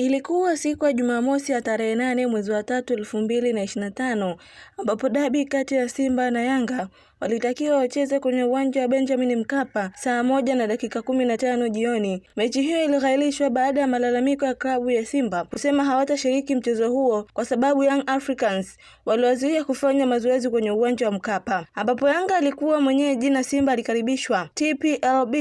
Ilikuwa siku ya Jumamosi ya tarehe nane mwezi wa tatu elfu mbili na ishirini na tano ambapo dabi kati ya Simba na Yanga walitakiwa wacheze kwenye uwanja wa Benjamin Mkapa saa moja na dakika kumi na tano jioni. Mechi hiyo ilighailishwa baada ya malalamiko ya klabu ya Simba kusema hawatashiriki mchezo huo kwa sababu Young Africans waliwazuia kufanya mazoezi kwenye uwanja wa Mkapa, ambapo Yanga alikuwa mwenyeji na Simba alikaribishwa. TPLB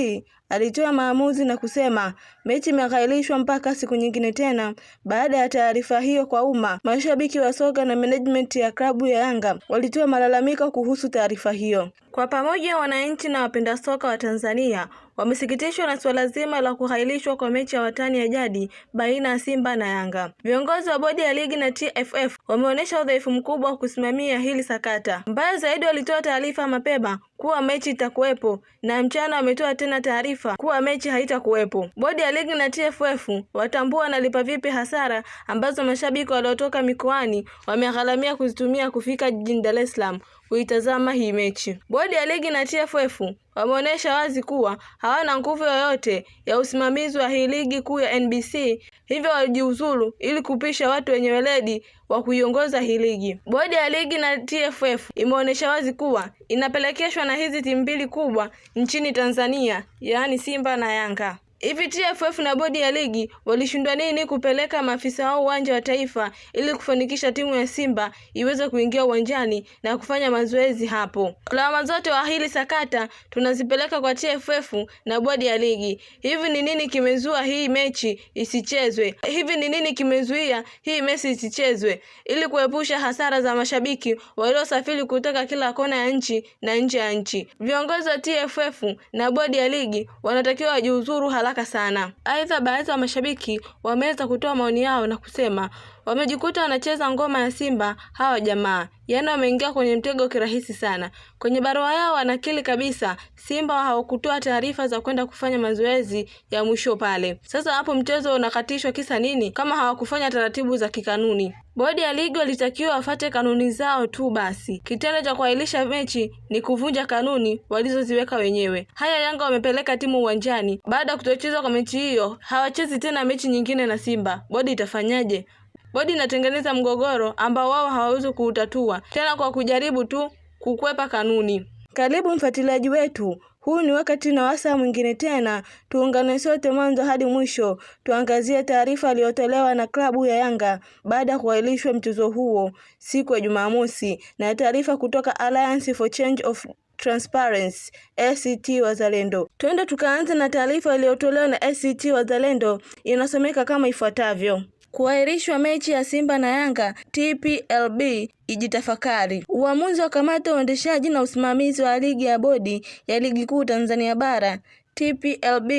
alitoa maamuzi na kusema mechi imeghailishwa mpaka siku nyingine tena. Baada ya taarifa hiyo kwa umma, mashabiki wa soka na management ya klabu ya Yanga walitoa malalamiko kuhusu taarifa hiyo hiyo. Kwa pamoja wananchi na wapenda soka wa Tanzania wamesikitishwa na suala zima la kuhailishwa kwa mechi ya watani ya jadi baina ya Simba na Yanga. Viongozi wa bodi ya ligi na TFF wameonyesha udhaifu mkubwa wa kusimamia hili sakata. Mbaya zaidi, walitoa taarifa mapema kuwa mechi itakuwepo na mchana wametoa tena taarifa kuwa mechi haitakuwepo. Bodi ya ligi na TFF watambua nalipa vipi hasara ambazo mashabiki waliotoka mikoani wamegharamia kuzitumia kufika jijini Dar es Salaam kuitazama hii mechi. Bodi ya ligi na TFF wameonyesha wazi kuwa hawana nguvu yoyote ya usimamizi wa hii ligi kuu ya NBC, hivyo walijiuzulu ili kupisha watu wenye weledi wa kuiongoza hii ligi. Bodi ya ligi na TFF imeonyesha wazi kuwa inapelekeshwa na hizi timu mbili kubwa nchini Tanzania, yaani Simba na Yanga. Hivi TFF na bodi ya ligi walishindwa nini kupeleka maafisa wao uwanja wa Taifa ili kufanikisha timu ya Simba iweze kuingia uwanjani na kufanya mazoezi hapo? Lawama zote wa hili sakata tunazipeleka kwa TFF na bodi ya ligi. Hivi ni nini kimezua hii mechi isichezwe? Hivi ni nini kimezuia hii mechi isichezwe ili kuepusha hasara za mashabiki waliosafiri kutoka kila kona ya nchi na nje ya nchi? Viongozi wa TFF na bodi ya ligi wanatakiwa wajiuzuru hala haraka sana. Aidha, baadhi ya mashabiki wameweza kutoa maoni yao na kusema wamejikuta wanacheza ngoma ya Simba hawa jamaa, yaani wameingia kwenye mtego kirahisi sana. Kwenye barua yao wanakili kabisa Simba hawakutoa taarifa za kwenda kufanya mazoezi ya mwisho pale. Sasa hapo mchezo unakatishwa kisa nini kama hawakufanya taratibu za kikanuni? Bodi ya ligi walitakiwa wafate kanuni zao tu basi. Kitendo cha kuahirisha mechi ni kuvunja kanuni walizoziweka wenyewe. Haya, Yanga wamepeleka timu uwanjani baada ya kutochezwa kwa mechi hiyo, hawachezi tena mechi nyingine na Simba. Bodi itafanyaje? Bodi inatengeneza mgogoro ambao wao hawawezi kuutatua tena kwa kujaribu tu kukwepa kanuni. Karibu mfuatiliaji wetu, huu ni wakati na wasaa mwingine tena, tuungane sote mwanzo hadi mwisho, tuangazie taarifa iliyotolewa na klabu ya Yanga baada ya kuahirishwa mchezo huo siku ya Jumamosi na taarifa kutoka Alliance for Change of Transparency ACT Wazalendo. Twende tukaanze na taarifa iliyotolewa na ACT Wazalendo, inasomeka kama ifuatavyo kuahirishwa mechi ya Simba na Yanga TPLB ijitafakari. Uamuzi wa kamati ya uendeshaji na usimamizi wa ligi ya bodi ya ligi kuu Tanzania bara TPLB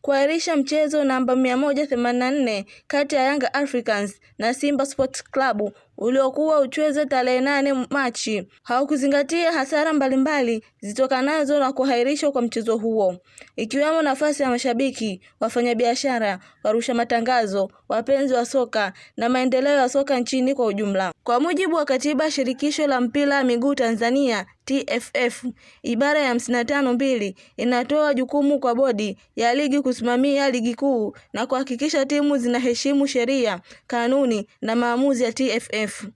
kuahirisha mchezo namba 184 kati ya Yanga Africans na Simba Sports Club uliokuwa uchweze tarehe nane Machi haukuzingatia hasara mbalimbali zitokanazo na kuhairishwa kwa mchezo huo ikiwemo nafasi ya mashabiki, wafanyabiashara, warusha matangazo, wapenzi wa soka na maendeleo ya soka nchini kwa ujumla. Kwa mujibu wa katiba shirikisho la mpira wa miguu Tanzania TFF ibara ya hamsini na tano mbili inatoa jukumu kwa bodi ya ligi kusimamia ligi kuu na kuhakikisha timu zinaheshimu sheria, kanuni na maamuzi ya TFF mrefu.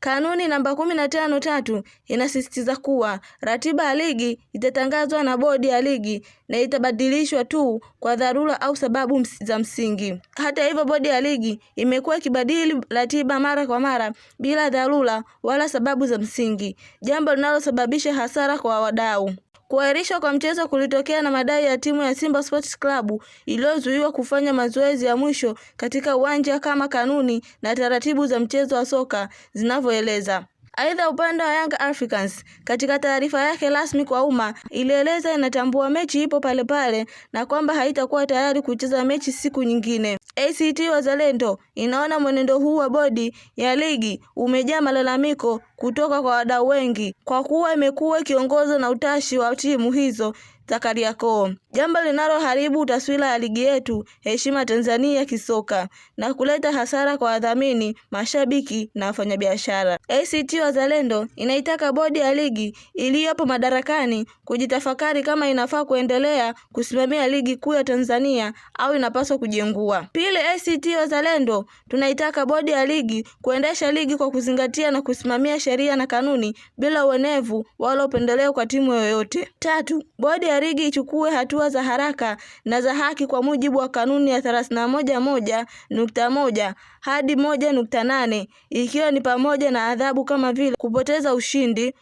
Kanuni namba kumi na tano tatu inasisitiza kuwa ratiba ya ligi itatangazwa na bodi ya ligi na itabadilishwa tu kwa dharura au sababu za msingi. Hata hivyo, bodi ya ligi imekuwa ikibadili ratiba mara kwa mara bila dharura wala sababu za msingi, jambo linalosababisha hasara kwa wadau. Kuahirishwa kwa mchezo kulitokea na madai ya timu ya Simba Sports Club iliyozuiwa kufanya mazoezi ya mwisho katika uwanja kama kanuni na taratibu za mchezo wa soka zinavyoeleza. Aidha, upande wa Young Africans katika taarifa yake rasmi kwa umma ilieleza inatambua mechi ipo palepale na kwamba haitakuwa tayari kucheza mechi siku nyingine. ACT Wazalendo inaona mwenendo huu wa bodi ya ligi umejaa malalamiko kutoka kwa wadau wengi kwa kuwa imekuwa ikiongozwa na utashi wa timu hizo za Kariakoo, jambo linaloharibu taswira ya ligi yetu, heshima Tanzania kisoka na kuleta hasara kwa wadhamini, mashabiki na wafanyabiashara. ACT Wazalendo inaitaka bodi ya ligi iliyopo madarakani kujitafakari kama inafaa kuendelea kusimamia ligi kuu ya Tanzania au inapaswa kujengua. Pili, ACT Wazalendo tunaitaka bodi ya ligi kuendesha ligi kwa kuzingatia na kusimamia sheria na kanuni bila uenevu wala upendeleo kwa timu yoyote. Tatu, bodi ya ligi ichukue hatua za haraka na za haki kwa mujibu wa kanuni ya thelathini na moja moja nukta moja hadi moja nukta nane ikiwa ni pamoja na adhabu kama vile kupoteza ushindi,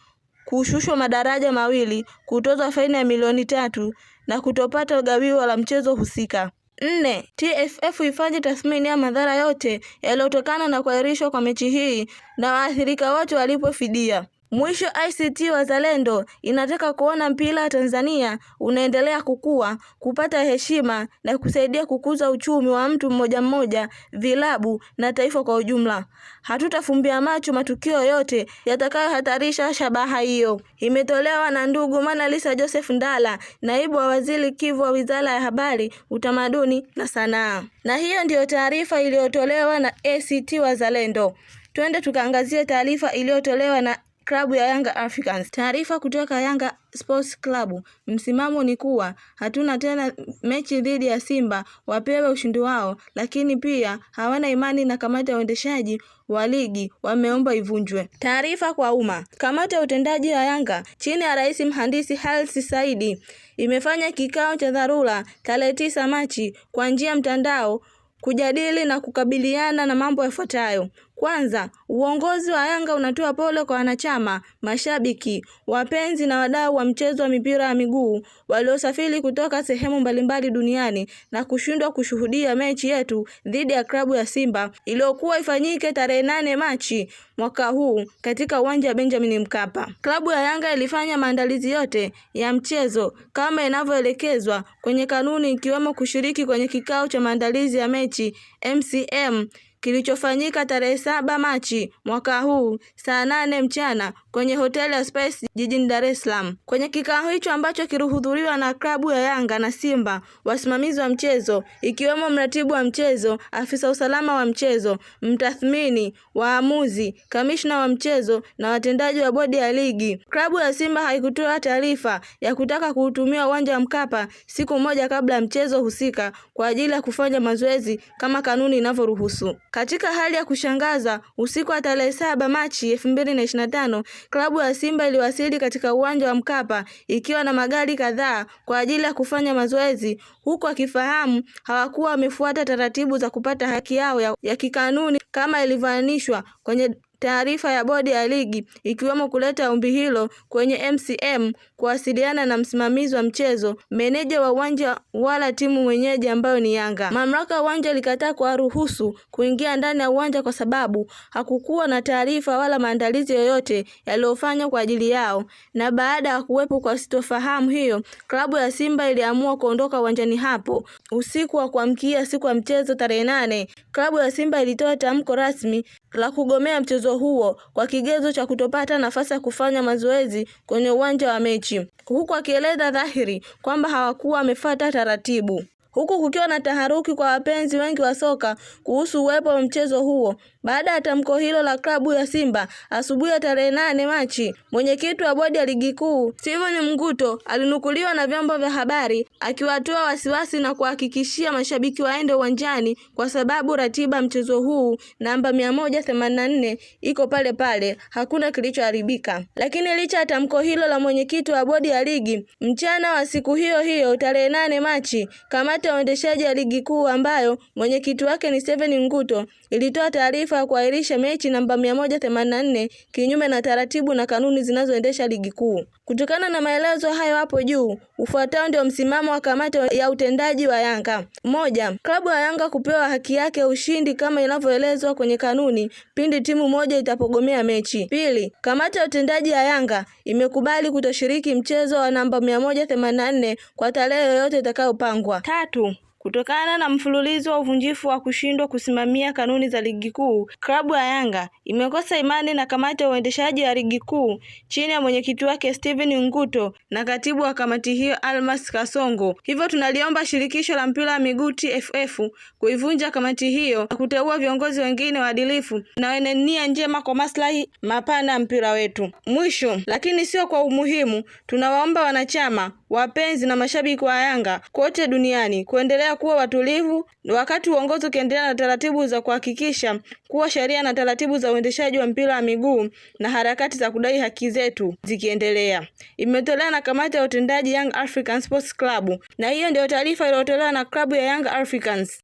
kushushwa madaraja mawili, kutozwa faini ya milioni tatu na kutopata gawio la mchezo husika. Nne, TFF ifanye tathmini ya madhara yote yaliyotokana na kuahirishwa kwa mechi hii na waathirika wote walipofidia Mwisho, ict Wazalendo inataka kuona mpira wa Tanzania unaendelea kukua, kupata heshima na kusaidia kukuza uchumi wa mtu mmoja mmoja, vilabu na taifa kwa ujumla. Hatutafumbia macho matukio yote yatakayohatarisha shabaha hiyo. Imetolewa na ndugu Manalisa Joseph Ndala, naibu wa waziri Kivu wa Wizara ya Habari, Utamaduni na Sanaa. Na hiyo ndiyo taarifa iliyotolewa na ACT Wazalendo. Twende tukaangazie taarifa iliyotolewa na klabu ya Yanga Africans. Taarifa kutoka Yanga Sports Club, msimamo ni kuwa hatuna tena mechi dhidi ya Simba, wapewe ushindi wao, lakini pia hawana imani na kamati ya uendeshaji wa ligi, wameomba ivunjwe. Taarifa kwa umma. Kamati ya utendaji wa Yanga chini ya Rais Mhandisi Hersi saidi imefanya kikao cha dharura tarehe tisa Machi kwa njia mtandao kujadili na kukabiliana na mambo yafuatayo: kwanza, uongozi wa Yanga unatoa pole kwa wanachama, mashabiki, wapenzi na wadau wa mchezo wa mipira ya miguu waliosafiri kutoka sehemu mbalimbali duniani na kushindwa kushuhudia mechi yetu dhidi ya klabu ya Simba iliyokuwa ifanyike tarehe nane Machi mwaka huu katika uwanja wa Benjamin Mkapa. Klabu ya Yanga ilifanya maandalizi yote ya mchezo kama inavyoelekezwa kwenye kanuni ikiwemo kushiriki kwenye kikao cha maandalizi ya mechi MCM kilichofanyika tarehe saba Machi mwaka huu saa nane mchana kwenye hoteli ya Spice jijini Dar es Salaam. Kwenye kikao hicho ambacho kilihudhuriwa na klabu ya Yanga na Simba, wasimamizi wa mchezo ikiwemo mratibu wa mchezo, afisa usalama wa mchezo, mtathmini, waamuzi, kamishna wa mchezo na watendaji wa bodi ya ligi. Klabu ya Simba haikutoa taarifa ya kutaka kuutumia uwanja wa Mkapa siku moja kabla ya mchezo husika kwa ajili ya kufanya mazoezi kama kanuni inavyoruhusu. Katika hali ya kushangaza, usiku wa tarehe saba Machi elfu mbili na ishirini na tano klabu ya Simba iliwasili katika uwanja wa Mkapa ikiwa na magari kadhaa kwa ajili ya kufanya mazoezi, huku akifahamu hawakuwa wamefuata taratibu za kupata haki yao ya, ya kikanuni kama ilivyoainishwa kwenye taarifa ya Bodi ya Ligi ikiwemo kuleta ombi hilo kwenye MCM, kuwasiliana na msimamizi wa mchezo, meneja wa uwanja wala timu mwenyeji ambayo ni Yanga. Mamlaka ya uwanja ilikataa kuwaruhusu kuingia ndani ya uwanja kwa sababu hakukuwa na taarifa wala maandalizi yoyote yaliyofanywa kwa ajili yao, na baada ya kuwepo kwa sitofahamu hiyo, klabu ya Simba iliamua kuondoka uwanjani hapo. Usiku wa kuamkia siku ya mchezo tarehe nane, klabu ya Simba ilitoa tamko rasmi la kugomea mchezo huo kwa kigezo cha kutopata nafasi ya kufanya mazoezi kwenye uwanja wa mechi, huku akieleza dhahiri kwamba hawakuwa wamefuata taratibu, huku kukiwa na taharuki kwa wapenzi wengi wa soka kuhusu uwepo wa mchezo huo baada ya tamko hilo la klabu ya Simba asubuhi ya tarehe nane Machi, mwenyekiti wa bodi ya ligi kuu Steven Mguto alinukuliwa na vyombo vya habari akiwatoa wasiwasi na kuhakikishia mashabiki waende uwanjani kwa sababu ratiba mchezo huu namba 184 iko pale pale, hakuna kilichoharibika. Lakini licha ya tamko hilo la mwenyekiti wa bodi ya ligi, mchana wa siku hiyo hiyo tarehe nane Machi, kamati ya uendeshaji ya ligi kuu ambayo mwenyekiti wake ni Steven Mguto ilitoa taarifa taarifa ya kuahirisha mechi namba 184 kinyume na taratibu na kanuni zinazoendesha ligi kuu. Kutokana na maelezo hayo hapo juu, ufuatao ndio msimamo wa kamati ya utendaji wa Yanga. Moja, klabu ya Yanga kupewa haki yake ya ushindi kama inavyoelezwa kwenye kanuni pindi timu moja itapogomea mechi. Pili, kamati ya utendaji ya Yanga imekubali kutoshiriki mchezo wa namba 184 kwa tarehe yoyote itakayopangwa. Tatu, Kutokana na mfululizo wa uvunjifu wa kushindwa kusimamia kanuni za ligi kuu, klabu ya Yanga imekosa imani na kamati ya uendeshaji ya ligi kuu chini ya mwenyekiti wake Steven Nguto na katibu wa kamati hiyo Almas Kasongo. Hivyo tunaliomba shirikisho la mpira wa miguu TFF kuivunja kamati hiyo na kuteua viongozi wengine waadilifu na wenye nia njema kwa maslahi mapana ya mpira wetu. Mwisho lakini sio kwa umuhimu, tunawaomba wanachama wapenzi na mashabiki wa Yanga kote duniani kuendelea kuwa watulivu wakati uongozi ukiendelea na taratibu za kuhakikisha kuwa sheria na taratibu za uendeshaji wa mpira wa miguu na harakati za kudai haki zetu zikiendelea. Imetolewa na kamati ya utendaji Young african Sports Club, na hiyo ndio taarifa iliyotolewa na klabu ya Young Africans.